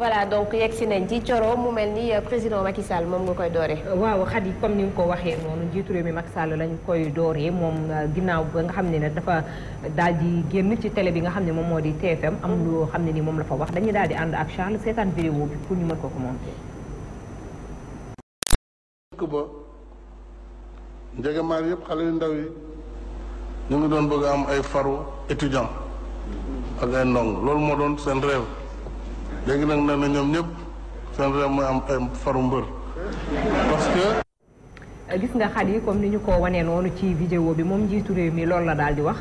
voilà donc yegg si nañ ci Thioro mu mel ni euh, président Macky Sall moom nga koy doore waaw Khady comme ni nga ko waxee noonu njiitu réew mi Macky Sall lañ koy dooree moom euh, ginnaaw ba nga xam ne ne dafa daal di génn ci télé bi nga xam ne moom moo di TFM. am lu xam ne ni moom la fa wax dañuy daal di ànd ak Charles seetaan vidéo bi pour ñu mën ko commenter. dëkk ba njëgamaar doon bëgg am ay doon seen léegi nag nee na ñoom ñëpp seen réew mooy am ay faru mbër parce gis nga xat yi comme ni ñu ko wanee noonu ci vidéo bi moom njiitu réew mi loolu la daal di wax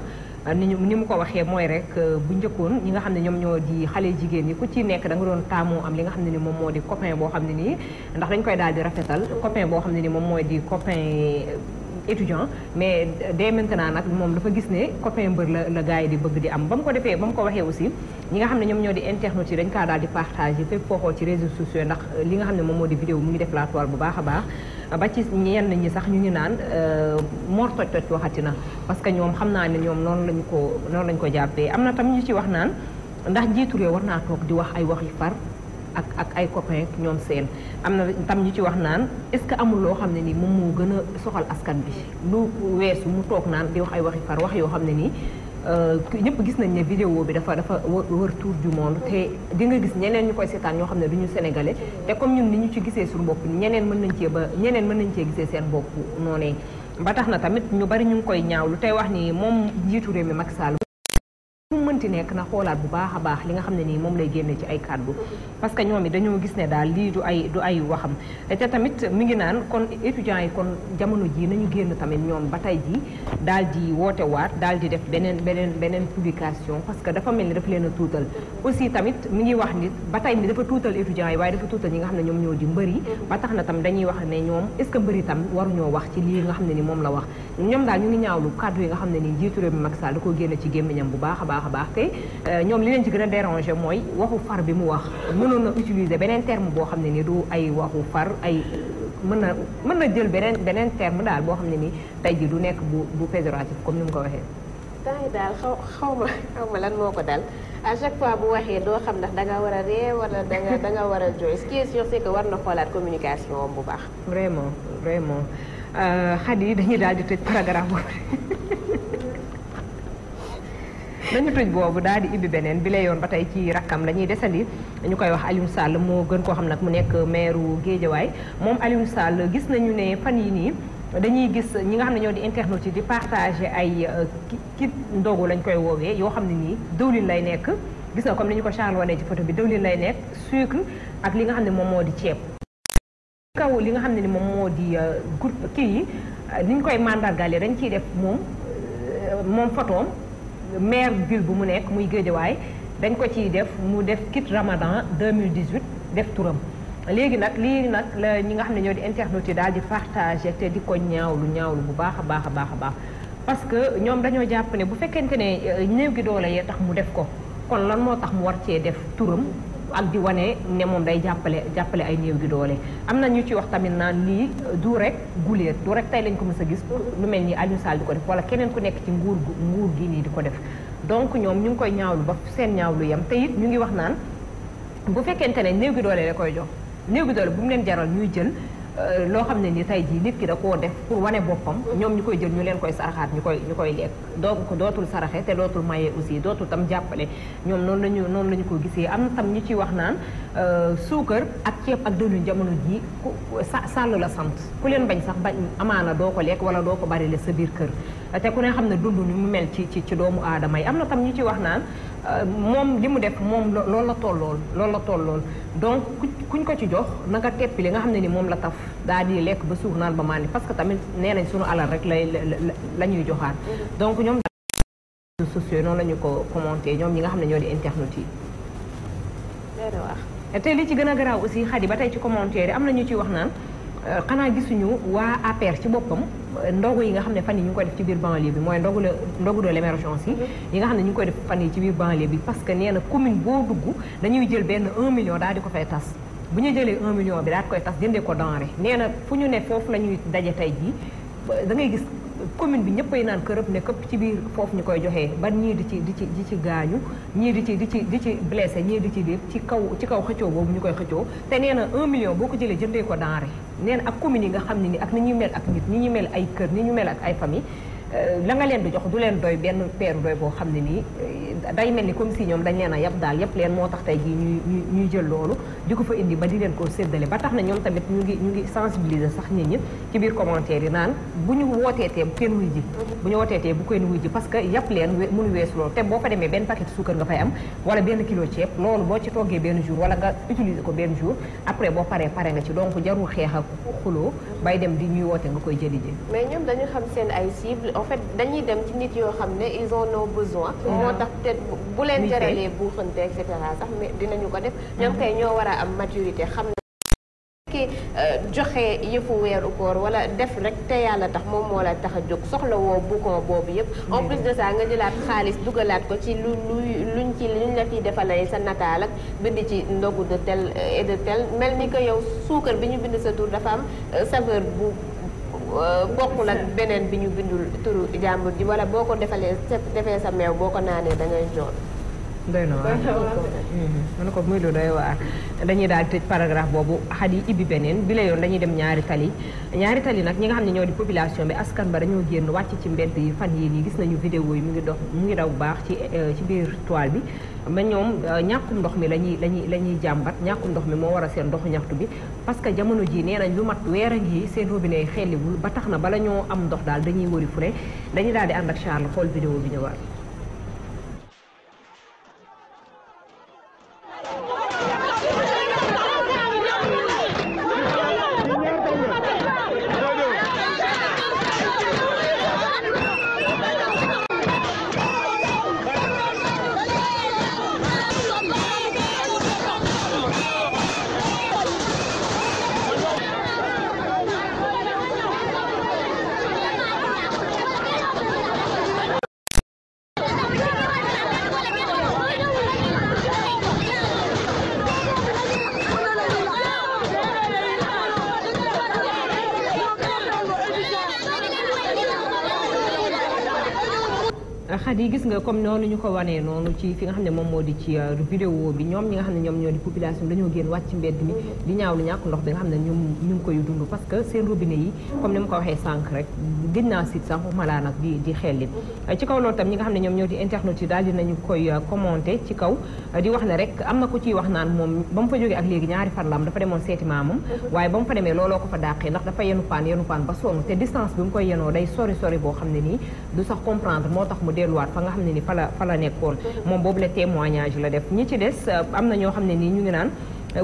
ni ñu ni mu ko waxee mooy rek euh, bu njëkkoon ñi nga xam ne ñoom ñoo di xale jigéen yi ku ci nekk da nga doon taamu am li nga xam ne ni moom moo di copain boo xam ne nii ndax dañ koy daal di rafetal copain boo xam ne ni moom mooy di copain étudiant mais dès maintenant nag moom dafa gis ne copain mbër la la gars yi di bëgg di am ba mu ko defee ba mu ko waxee aussi ñi nga xam ne ñoom ñoo di internautes dañ kaa daal di partager fépp foo xool ci réseaux sociaux ndax li nga xam ne moom moo di vidéo mu ngi def la toile bu baax a baax ba ci ñenn ñi sax ñu ñu naan euh, moor toj toj waxati na parce que ñoom xam naa ne ñoom noonu lañu ko noonu lañ ko jàppee am na tam ñu ci wax naan ndax jiitu war naa toog di wax ay wax yu far ak ak ay copains ñoom seen am na tam ñu ci wax naan est-ce que amul loo xam ne nii moom moo gën a soxal askan bi lu weesu mu toog naan di wax ay waxi far wax yoo xam ne nii euh, ñëpp gis nañ ne vidéo bi dafa dafa wër tour du monde te di nga gis ñeneen ñu koy seetaan ñoo xam ne du ñu sénégalais te comme ñun ni ñu ci gisee suñu bopp ñeneen mën nañ cee ba ñeneen mën nañ cee gisee seen bopp noonee ba tax na tamit ñu bari ñu ngi koy lu tey wax ni moom njiitu réew mi Macky mu mënti nekk na xoolaat bu baax a baax li nga xam ne nii moom lay génne ci ay kàddu parce que ñoom it dañoo gis ne daal lii du ay du ay waxam te tamit mi ngi naan kon étudiants yi kon jamono jii nañu génn tamit ñoom ba tey jii daal di woote waat daal di def beneen beneen beneen publication parce que dafa mel ni dafa tuutal aussi tamit wax ni ba tey ni dafa nga xam ne ñoom ñoo di na tam dañuy wax ne ñoom est ce que mbër yi tam waruñoo wax ci lii ne ni moom la wax ñoom daal ñu ngi ñaawlu kàddu yi nga xam ne nii njiitu réew mi Macky Sall da ko génne ci gémmiñam bu baax a baax baax a baax te euh, ñoom li leen ci gën a déranger mooy waxu far bi mu wax mënoon na utiliser beneen terme boo xam ne ni du ay waxu far ay mën na mën na jël beneen beneen terme daal boo xam ne nii tey ji du nekk bu bu péjoratif comme ni mu ko waxee temps daal xaw xaw ma xaw ma lan moo ko dal à chaque fois bu waxee doo xam ndax da nga war a ree wala da da nga war a jooy ce qui est sûr c'est que war na xoolaat communication am bu baax vraiment vraiment xadi euh, dañuy daal di tëj paragraphe dañu tëj boobu daal di ibbi beneen bi la yoon ba tey ci rakkam lañuy ñuy dañu koy wax Alioune Sall moo gën koo xam ne nag mu nekk maire Guédiawaye moom Alioune Sall gis nañu ne fan yi nii dañuy gis ñi nga xam ne ñoo di internautes ci di partage ay euh, kit ndogu lañ koy woowee yoo xam ne nii diwlin lay nekk gis nga comme ni ñu ko Charles wanee ci photo bi diwlin lay nekk sucre ak li nga xam ne moom moo di ceeb kaw li nga xam ne ni moom moo di euh, groupe kii yi euh, ni koy mandargaale dañ ciy def moom moom photoom maire ville bu mu nekk muy Géejawaay dañ ko ciy def mu def kit Ramadan 2018 def turam léegi nag lii nag ñi nga xam ne ñoo di internautes yi daal di partage te di ko ñaawlu ñaawlu bu baax a baax a baax a baax parce que ñoom dañoo jàpp ne bu fekkente ne euh, néew gi doole yee tax mu def ko kon lan moo tax mu war cee def turam ak di wane ne moom day jàppale jàppale ay néew gi doole am na ñu ci wax tamit naan lii du rek guléet du rek tey lañ ko mës a gis lu mel nii Aliou Sall di ko def wala keneen ku nekk ci nguur nguur gi nii di ko def donc ñoom ñu ngi koy lu ba seen ñaaw lu yam te it ñu ngi wax naan bu fekkente ne néew gi doole la koy jox néew gi doole bu mu leen jaral ñuy jël Euh, loo xam ne ni tey jii nit ki da koo def pour wane boppam ñoom ñu koy jël ñu leen koy saraxaat ñu koy ñu koy lekk donc dootul saraxe te dootul maye aussi dootul tam jàppale ñoom noonu lañu noonu la ñu ko gisee am tam ñu ci wax naan euh, suukar ak ceeb ak dëwlin jamono jii ku sàll la sant ku leen bañ sax bañ amaana doo ko lekk wala doo ko bari la sa biir kër te ku ne xam ne dund ni mu mel ci ci ci doomu aadama yi am na tam ñu ci wax naan Euh, moom li mu def moom loolu la tollool loolu la tollool donc ku kuñ ko ci jox naka nga li nga xam ne ni moom la taf daal di lekk ba suur naan ba maan parce que tamit nee nañ sunu alal rek lay la ñuy joxaat donc ñoom daal noonu la ñu ko commenté ñoom ñi nga xam ne ñoo di internet yi te li ci gën a garaaw aussi xadi ba tey ci commentaire yi am na ñu ciy wax naan euh, xanaa gisuñu waa APR ci boppam ndogu yi nga xam ne fan yi ñu ngi koy def ci biir banlieue bi mooy ndogu la ndogu de l'émergence yi mhm. nga xam ne ñu ngi koy def fan yi ci biir banlieue bi parce que neena na commune boo dugg dañuy jël benn 1 million daal di ko fay tas bu ñu jëlee 1 million bi daal di koy tas jëndee ko denrée nee fu ñu ne foofu la ñuy daje tey jii da ngay gis commune bi ñëppay naan kërëb ne këpp ci biir foofu ñu koy joxee ban ñii di ci di ci di ci gaañu ñii di ci di ci di ci blessé ñii di ci di ci kaw ci kaw xëccoo boobu ñu koy xëccoo te nee na 1 million boo ko jëlee jëndee ko denrée nee na ak commune yi nga xam ne ni ak ni ñuy mel ak nit ni ñuy mel ay kër ni ñu mel ak ay famille Euh, la nga leen di jox du leen doy benn peeru doy boo xam ne nii euh, day mel ni comme si ñoom dañ leen a yab daal yëpp leen moo tax tey jii ñuy ñuy jël loolu di ko fa indi ba di leen ko séddale ba tax na ñoom tamit ñu ngi ñu ngi sensibiliser sax nit ñi ci biir commentaire yi naan bu ñu wooteetee bu kenn wuy ji bu ñu wooteetee bu kenn wuy ji parce que yëpp leen mënu wees loolu te boo fa demee benn paquet suukar nga fay am wala benn kilo ceeb loolu boo ci toggee benn jour wala nga utiliser ko benn jour après boo paree pare nga ci donc jarul xeex ak xuloo dem di ñuy woote nga koy jëli ji en fait dañuy dem ci nit yoo xam ne ils ont nos besoins. Mm. moo tax peut bu leen jaralee buuxante et cetera sax mais dinañu ko def. Mm. ñoom kay ñoo war a am maturité xam na ki euh, joxe yëfu weeru koor wala def rek te yàlla tax moom moo la tax a jóg soxla woo boucon boobu yëpp mm. en plus de ça nga jëlaat xaalis dugalaat ko ci lu luy luñ ci luñ la fiy defalee sa nataal ak bind ci ndogu de tel et de tel mel ni que yow suukar bi ñu bind sa tur dafa am euh, saveur bu Euh, bokkul ak beneen bi ñu bindul turu jàmbur ji wala boo ko defalee defee sa meew boo ko naanee da ngay joon doy na mm-hmm. ko muy lu doy waar dañuy daal tëj paragraphe boobu xat yi ibbi beneen bi la yoon dañuy dem ñaari tali ñaari tali nag ñi nga xam ne ñoo di population bi askan ba dañoo génn wàcc ci mbedd yi fan yii nii gis nañu vidéo yi mu ngi dox mu ngi daw baax ci euh, ci biir toile bi ba ñoom euh, ñàkkum ndox mi lañuy lañuy la ñuy jàmbat ñàkkum ndox mi moo waral a seen ndoxu ñaxtu bi parce que jamono ji nee nañ lu mat weer a ngi seen robinet yi xelliwul ba tax na bala ñoo am ndox daal dañuy wëri fu ne dañuy daal di ànd ak Charles xool vidéo bi ñëwaat Khady gis nga comme noonu ñu ko wanee noonu ci fi nga xam ne moom moo di ci euh, vidéo bi ñoom ñi nga xam ne ñoom ñoo di population bi dañoo génn wàcc ci euh, kaw loolu tam ñi nga xam ne ñoom ñoo di internet yi daal dinañu koy euh, commenté ci kaw di wax ne rek am na ku ciy wax naan moom ba mu fa jógee ak léegi ñaari fan la am dafa demoon seeti maamam waaye ba mu fa demee looloo ko fa dàqee ndax dafa yenu paan yenu paan ba sonn te distance bi mu koy yenoo delluwaat fa nga xam ne ni fa la fa la nekkoon moom boobu la témoignage la def ñi ci des am na ñoo xam ne nii ñu ngi naan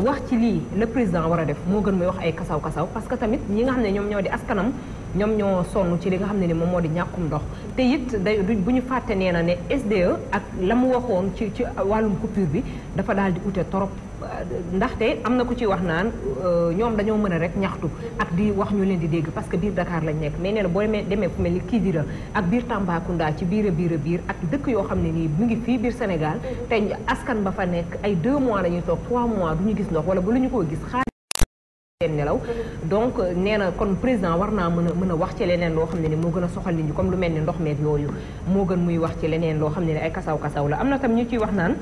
wax ci lii le président war a def moo gën muy wax ay kasaw kasaw parce que tamit ñi nga xam ne ñoom ñoo di askanam ñoom ñoo sonn ci li nga xam ne ni moom moo di ñàkkum ndox te it day bu ñu fàtte nee na ne SDE ak la mu waxoon ci ci wàllum coupure bi dafa daal di ute torop ndaxte am na ko ci wax naan euh, ñoom dañoo mën a rek ñaxtu ak di wax ñu leen di dégg parce que biir Dakar lañu nekk mais nee na boo demee fu mel ni Kidira ak biir Tambacounda ci biir a biir a biir ak dëkk yoo xam ne nii mu ngi fii biir Sénégal te askan ba fa nekk ay deux mois la ñuy toog trois mois du ñu gis ndox wala bu la ñu koo gis xaar nelaw donc euh, nee na kon président war naa mën a mën a wax ci leneen loo xam ne ni moo gën a soxal nit ñi comme lu mel ni ndox meeg yooyu moo gën muy wax ci leneen loo xam ne ni ay kasaw kasaw la am na tam ñu ciy wax naan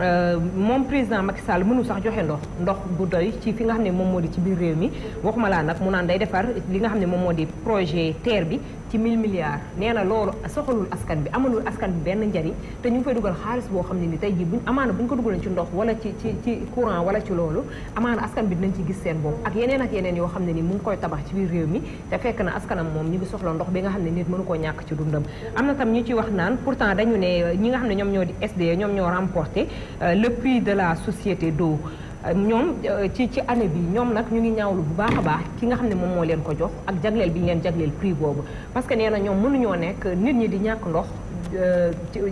Euh, moom président Macky Sall mënu sax joxe ndox ndox bu doy ci fi nga xam ne moom moo di ci biir réew mi waxuma laa nag mu naan day defar li nga xam ne moom moo di projet teer bi ci 1000 milliards neena na loolu soxalul askan bi amalul askan bi benn njariñ te ñu ngi fay dugal xaalis boo xam ne ni tey jii buñ amaana buñ ko dugalee ci ndox wala ci ci ci courant wala ci loolu amaana askan bi dinañ ci gis seen bopp ak yeneen ak yeneen yoo xam ne ni mu ngi koy tabax ci biir réew mi te fekk na askanam moom ñu ngi soxla ndox bi nga xam ne nit mënu koo ñàkk ci dundam am na tam ñu ci wax naan pourtant dañu ne ñi nga xam ne ñoom ñoo di SDE ñoom ñoo remporté euh, le prix de la société d'eau ñoom euh, ci ci année bi ñoom nag ñu ngi ñaawlu bu baax a baax ki nga xam ne moom moo leen ko jox ak jagleel bi ñu leen jagleel prix boobu parce que nee na ñoom nekk nit ñi di ñàkk ndox euh,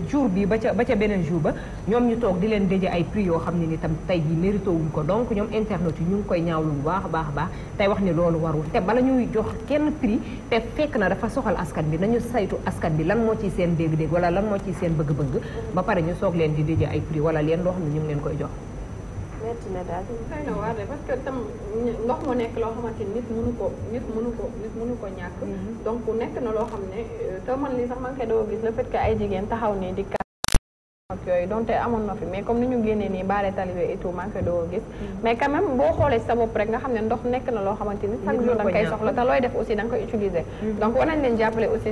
jour bi ba ca ba ca beneen jour ba ñoom ñu toog di leen déje ay prix yoo xam ne ni tey jii mérito wuñ ko donc ñoom internet yi ñu ngi koy ñaawlu bu baax baax a baax tey wax ni loolu warul te bala ñuy jox kenn prix te fekk na dafa soxal askan bi nañu saytu askan bi lan moo ci seen dégg-dégg wala lan moo ci seen bëgg-bëgg ba pare ñu soog leen di déje ay prix wala leen loo xam ne ñu ngi leen koy jox métti na daal. xëy na waar parce que tam ndox mu nekk loo xamante ni nit mënu ko nit mënu ko nit mënu ko ñàkk. Mhm. donc nekk na loo xam ne te man li sax man kay doo gis le fait que ay jigéen taxaw nii di. ak yooyu donte amoon na fi mais comme ni ñu génnee nii baaree talibe et tout maa ngi koy doo gis mm. mais quand même boo xoolee sa bopp rek nga xam ne ndox nekk na loo xamante ni jour da nga koy soxla te looy def aussi da koy utiliser mm. donc war leen jàppale aussi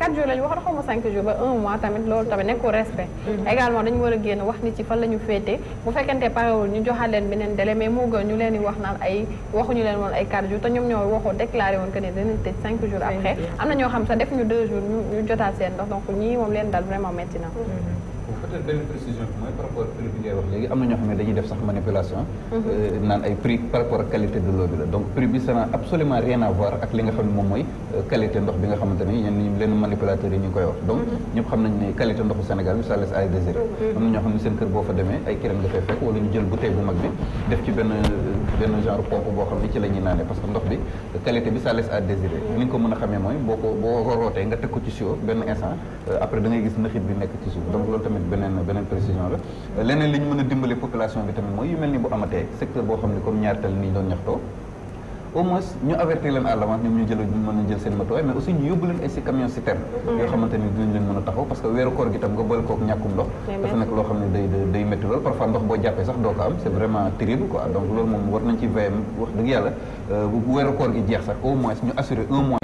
4 jours la ñu waxoon xaw ma 5 jours ba 1 mois tamit loolu tamit nekkul respect mm. également dañu war a génn wax nit ci fan la ñu féete bu fekkente parewul ñu joxaat leen beneen délai mais moo gën ñu leen wax naan peut-être benn précision bi mooy par rapport prix bi ngay am na ñoo xam ne dañuy def sax mhm. euh, par rapport qualité de l'eau la donc prix absolument rien à ak li nga xam moom mooy euh, qualité ndox bi nga xamante ne ñenn ñi yi ñu ngi koy wax donc mhm. ñëpp xam nañ ne qualité ndoxu Sénégal bi ça laisse à désirer mhm. am na ñoo xam ne seen kër boo fa demee ay kireen nga fekk wala ñu jël bouteille bu mag bi def ci benn euh, benn genre pompe boo xam ne ci la naanee parce que ndox bi qualité bi ça laisse a xamee boo ko boo ko rootee nga teg ko ci sio benn instant après da ngay gis tamit beneen beneen précision la leneen li ñu mën a dimbali population bi tamit mooy yu mel ni bu amatee secteur boo xam ne comme ñaar tali doon ñaxtoo au moins ñu avertir leen à l'avance ñoom jël mën a jël mais aussi ñu yóbbu leen ay si camion citerne mm. yoo xamante ni dinañ leen mën a taxaw parce que weeru koor gi tam nga boole kook ñàkkum ndox dafa nekk loo xam ne day day métti lool parfois ndox boo jàppee sax doo ko am c'est vraiment terrible quoi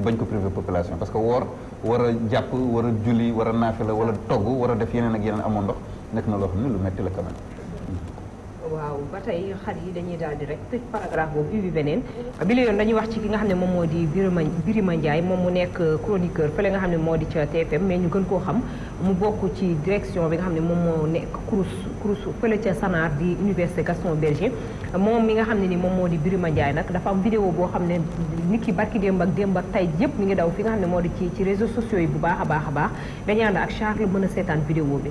ñu bañ ko privé population parce que woor war a jàpp war a julli war a naafi la wala togg wara def yeneen ak yeneen amoon ndox nekk na loo xam ne lu metti la quand waaw ba tey xar yi dañuy daal di rek tëj paragraphe boobu ubbi beneen bi la yoon dañuy wax ci ki nga xam ne moom moo di Birima Birima Ndiaye moom mu nekk chroniqueur fële nga xam ne moo di ca TFM mais ñu gën koo xam mu bokk ci direction bi nga xam ne moom moo nekk CROUS CROUS fële ca Sanaar di université Gaston Berger moom mi nga xam ne ni moom moo di Birima Ndiaye nag dafa am vidéo boo xam ne nit ki barki démb ak démb ak tey yëpp mi ngi daw fi nga xam ne moo di ci ci réseaux sociaux yi bu baax a baax a baax dañu ànd ak Charles mën a seetaan vidéo bi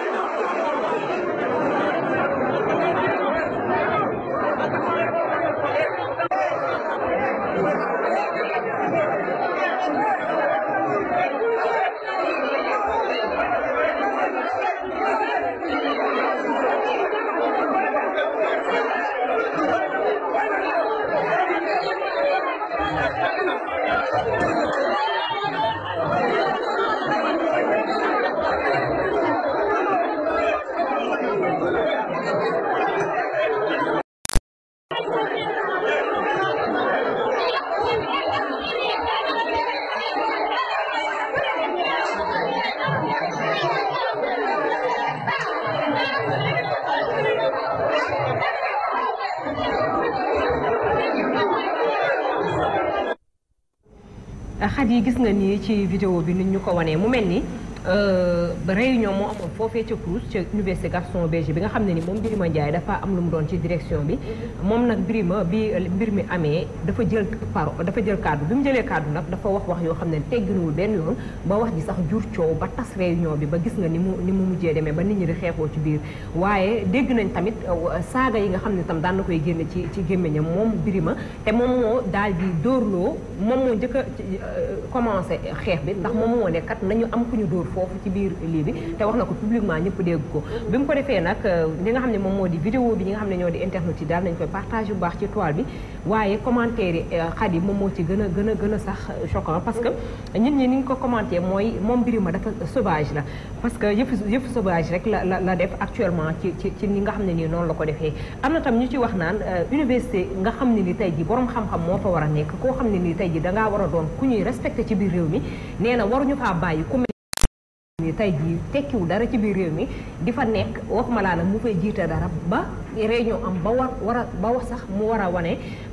xat yi gis nga ni ci vidéo bi nit ñu ko wanee mu mel ni Euh, ba réunion moo amoon foofee ca Crous ca bi nga xam ne ni moom Birima Ndiaye dafa am lu mu doon ci direction bi moom nag Birima bi mbir mi amee dafa jël par dafa jël kaddu bi mu jëlee kaddu nag dafa wax wax yoo xam ne tegginuwul benn yoon ba wax ji sax jur coow ba tas réunion bi ba gis nga ni mu ni mu mujjee demee ba nit ñi di xeexoo ci biir waaye dégg nañ tamit euh, saaga yi nga xam ne tam daan na koy génne ci ci gémmiñam moom Birima te moom moo daal di dóorloo moom moo njëkk a euh, commencé xeex bi ndax moom moo nekkat kat nañu am ku ñu dóor foofu ci biir lii bi te wax na ko publiquement ñëpp dégg ko bi mu ko defee nag li nga xam ne moom moo di vidéo bi ñi nga xam ne ñoo di internet yi daal nañ koy partage bu baax ci toile bi waaye commentaire yi euh, moom moo ci gën a gën a a sax choquant parce que nit ñi ni ñu ko commenté mooy moom mbiri ma dafa la parce que yëf yëf sauvage rek la la la def actuellement ci ci ci ni nga xam ne nii noonu la ko defee am na tam ñu ci wax naan euh, université nga xam ne ni tey ji borom xam-xam moo fa war a nekk koo xam ne ni tey ji dangaa war a doon ku ñuy respecté ci biir réew mi nee ni tey jii tekkiwu dara ci biir réew mi di fa nekk waxuma laa nag mu fay jiite dara ba réunion am ba war a ba wax sax mu war a wane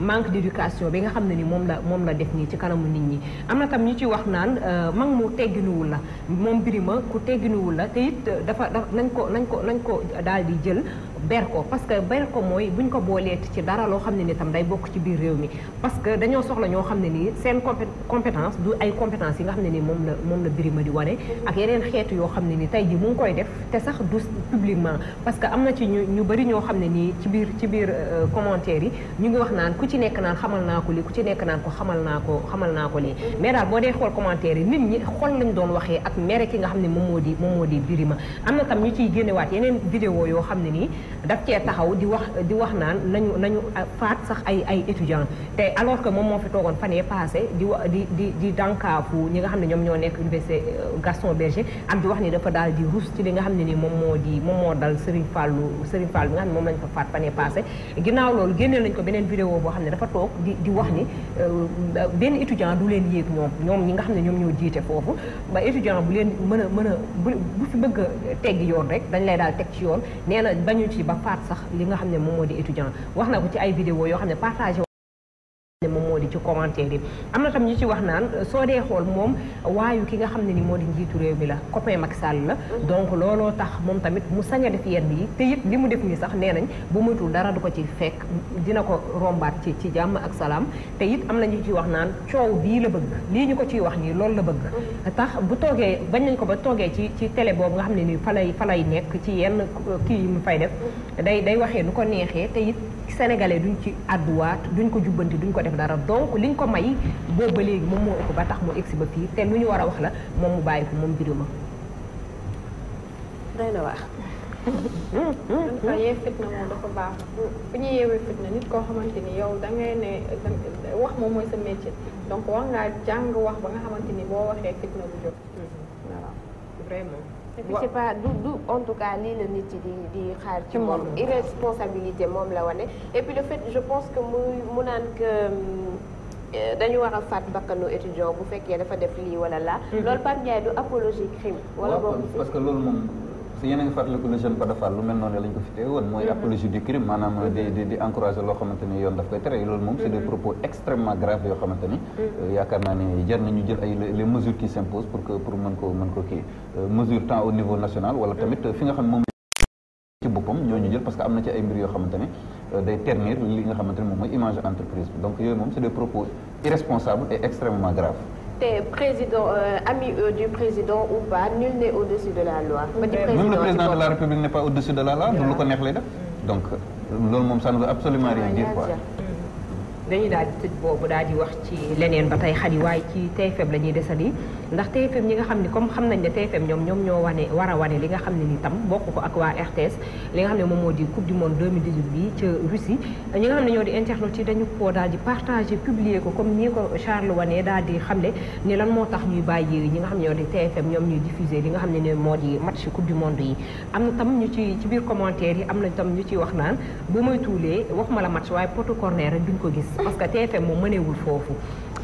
manque d'éducation bi nga xam ne ni moom la moom la def nii ci kanamu nit ñi am na tam ñu ci wax naan euh, mag mu tegginuwul la moom ma ku tegginuwul la te it dafa dafa nañ ko nañ ko nañ ko daal di jël ber ko parce que ber ko mooy buñ ko booleet ci dara loo xam ne ni tam day bokk ci biir réew mi parce que dañoo soxla ñoo xam ne nii seen compétence du ay compétence yi nga xam ne ni moom la moom la birima di wane ak yeneen xeetu yoo xam ne ni tey ji mu ngi koy def te sax du publiquement parce que am na ci ñu ñu bëri ñoo xam ne nii ci biir ci biir euh, commentaire yi ñu ngi wax naan ku ci nekk naan xamal naa ko lii ku ci nekk naan ko xamal naa ko xamal naa ko lii mais daal boo dee xool commentaire yi nit ñi xol nañ doon waxee ak mere ki nga xam ne moom moo di moom moo di birima am na tam ñu ciy génnewaat yeneen vidéo yoo xam ne nii daf cee taxaw di wax di wax naan nañu nañu ah, faat sax ay ay étudiants te alors que moom moo fi toogoon fan yee passé di wa di di di dànkaafu ñi nga xam ne ñoom ñoo nekk université euh, Gaston Berger ak di wax ni dafa daal di rus ci li nga xam ne ni moom moo di moom moo dal Serigne Fallou Serigne Fallou bi nga moom lañ ko faat fan passé ginnaaw loolu génnee lañ ko beneen vidéo boo ne dafa toog di di wax ni euh, benn étudiant du leen yéeg ñoom ñoom ñi nga xam ne ñoom ñoo jiite foofu ba étudiant bu leen mën a mën a bu fi bëgg a teggi yoon rek dañ lay daal teg ci yoon nee na ci ba faat sax li nga xam ne moom moo di étudiant wax na ko ci ay vidéo yoo xam ne partagé ne moom moo di ci commentaire yi am na tam ñu ci wax naan soo dee xool moom waayu ki nga xam ne ni moo di njiitu réew mi la copain Macky Sall la donc looloo tax moom tamit mu sañ a def yenn yi te it li mu def nii sax nee nañ bu moytul dara du ko ci fekk dina ko rombaat ci ci jàmm ak salaam te it am na ñu ci wax naan coow bii la bëgg lii ñu ko ciy wax nii loolu la bëgg tax bu toogee bañ nañ ko ba toogee ci ci télé boobu nga xam ne nii fa lay fa lay nekk ci yenn kii yi mu fay def day day waxee nu ko neexee te it sénégalais duñ ci àdduwaat duñ ko jubbanti duñ ko def dara donc liñ ko may boobu ba léegi moom moo ëpp ba tax mu egsi ba fii te lu ñu war a wax la moom mu bàyyi ko moom birima doy na wax dafa koo xamante ni yow da ngay ne wax moom mooy sa métier donc war ngaa jàng wax ba nga xamante ni boo waxee fitna bu jóg mm-hmm. voilà et c'est pas du du en tout cas lii la nit yi di di xaar ci moom irresponsabilité moom la wane et puis le fait je pense que muy mu naan que euh, dañu war a faat bakkanu étudiant bu fekkee dafa def lii wala laa mm-hmm. loolu Pape Ndiaye du apologie crime wala boobu parce que loolu moom si que yéen a ngi fàttaliku le jeune Bada Fall lu mel noonu lañ ko fi teewoon mooy mhm. apologie du crime maanaam mhm. di di di loo xamante yoon daf koy tere loolu moom c'est des mhm. propos extrêmement graves yoo xamante euh, yaakaar naa ne jar nañu jël ay les mesures qui s'imposent pour que pour mën ko mën ko kii euh, mesure tant au niveau national wala tamit fi nga xam moom ci boppam ñooñu jël parce que am na ci ay mbir yoo xamante ne euh, day ternir li nga xamante ne moom mooy image entreprise bi donc yooyu moom c'est des propos irresponsables te président euh, ami euh, du président ou pas nul n'est au-dessus de la loi. même le président de la république n'est pas au-dessus de la loi. du lu ko neex lay def. donc loolu moom ça ne veut absolument ah, rien dire quoi. dañuy daal di tëj boobu daal di wax ci leneen ba tey xali waaye ci tey faible la ñuy desandi. ndax TFM ñi nga xam ni comme xam nañ ne TFM ñoom ñoom ñoo wane war wane li nga xam ne ni bokk ko ak waa RTS nga xam ne moom moo di coupe du monde 2018 bi ca ñoo di internautes yi dañu koo daal di partagé ko comme ñii ko Charles wane daal di xamle ni lan moo tax ñuy bàyyi ñi nga xam ne ñoo di TFM ñoom ñuy diffusé li nga xam ne ne moo di match coupe du monde yi am ñu ci ci biir commentaire yi am na tam ñu ci wax naan bu may tuulee waxuma la match waaye potu corner rek duñ ko gis parce que TFM moom mëneewul foofu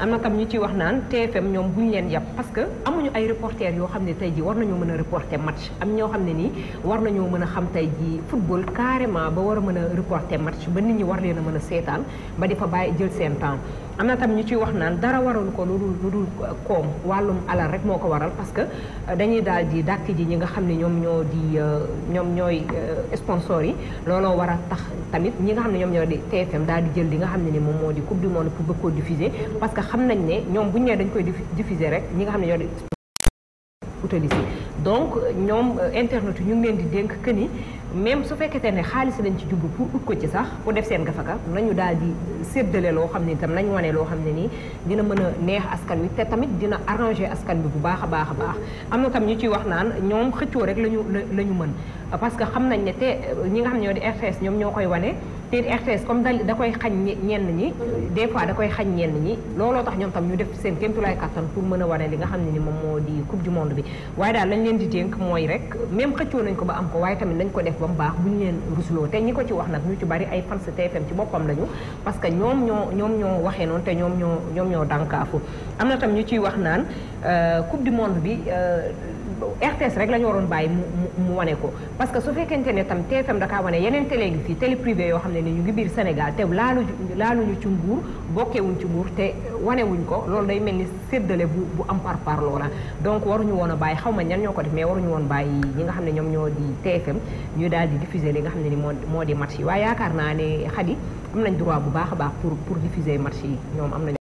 am na tam ñu ci wax naan TFM ñoom buñ leen yàpp que amuñu ay reporter yoo xam ne tey ji war nañoo mën a reporter match am ñoo xam ne nii war nañoo mën a xam tey ji football carrément ba war a mën a reporter match ba nit ñi war leen a mën a seetaan ba di fa bàyyi jël seen temps am na tam ñu ciy wax naan dara waral ko lu dul lu dul koom wàllum alal rek moo ko waral parce que euh, dañuy daal di dàkk ji ñi nga xam ne ñoom ñoo di euh, ñoom ñooy euh, sponsor yi looloo war a tax tamit ñi nga xam ne ñoom ñoo di TFM daal jël li nga xam ne ni moom moo di coupe du monde pour bëgg koo diffuser parce que xam nañ ne ñoom bu ñu nee dañ koy diffuser rek ñi nga xam ne ñoo di utali si donc ñoom euh, internet ñu ngi leen di dénk que ni même su fekkete ne xaalis dañ ci jublu pour ut ko ci sax pour def seen gafaka nañu daal di euh, séddale loo xam ne tam nañ wane loo xam ne nii dina mën a neex askan wi te tamit dina arranger askan bi bu baax a baax a baax am na tam ñu ciy wax naan ñoom xëccoo rek lañu la la ñu mën parce que xam nañ ne te euh, ñi nga xam ne ñoo di RTS ñoom ñoo koy wane te RTS comme da koy xañ ñenn ñi des fois da koy xañ ñenn ñi looloo tax ñoom tam ñu def seen kéem tolluwaay kattan pour mën a wane li nga xam ne ni moom moo di coupe du monde bi waaye daal lañ leen di dénk mooy rek même xëccoo nañ ko ba am ko waaye tamit nañ ko def ba mu baax buñu leen rusloo te ñi ko ci wax nag ñu ci bari ay fans TFM ci boppam lañu parce que ñoom ñoo ñoom ñoo waxee noonu te ñoom ñoo ñoom ñoo dànkaafu am na tam ñu ciy wax naan euh, coupe du monde bi euh, RTS rek la waroon bàyyi mu mu wane ko parce que su fekkente ne tam TFM da kaa wane yeneen télé ngi fii télé privé yoo xam ne ni ñu ngi biir Sénégal te laalu laaluñu ci nguur bokkewuñ ci nguur te wanewuñ ko loolu day mel ni séddale bu bu am par par loola donc waruñu woon a bàyyi xaw ma ñan ñoo ko def mais waruñu woon bàyyi ñi nga xam ne ñoom ñoo di TFM ñu daal di diffuser li nga xam ne ni moo moo di match yi waaye yaakaar naa ne xadi am nañ a baax pour pour diffuser match yi ñoom am nañ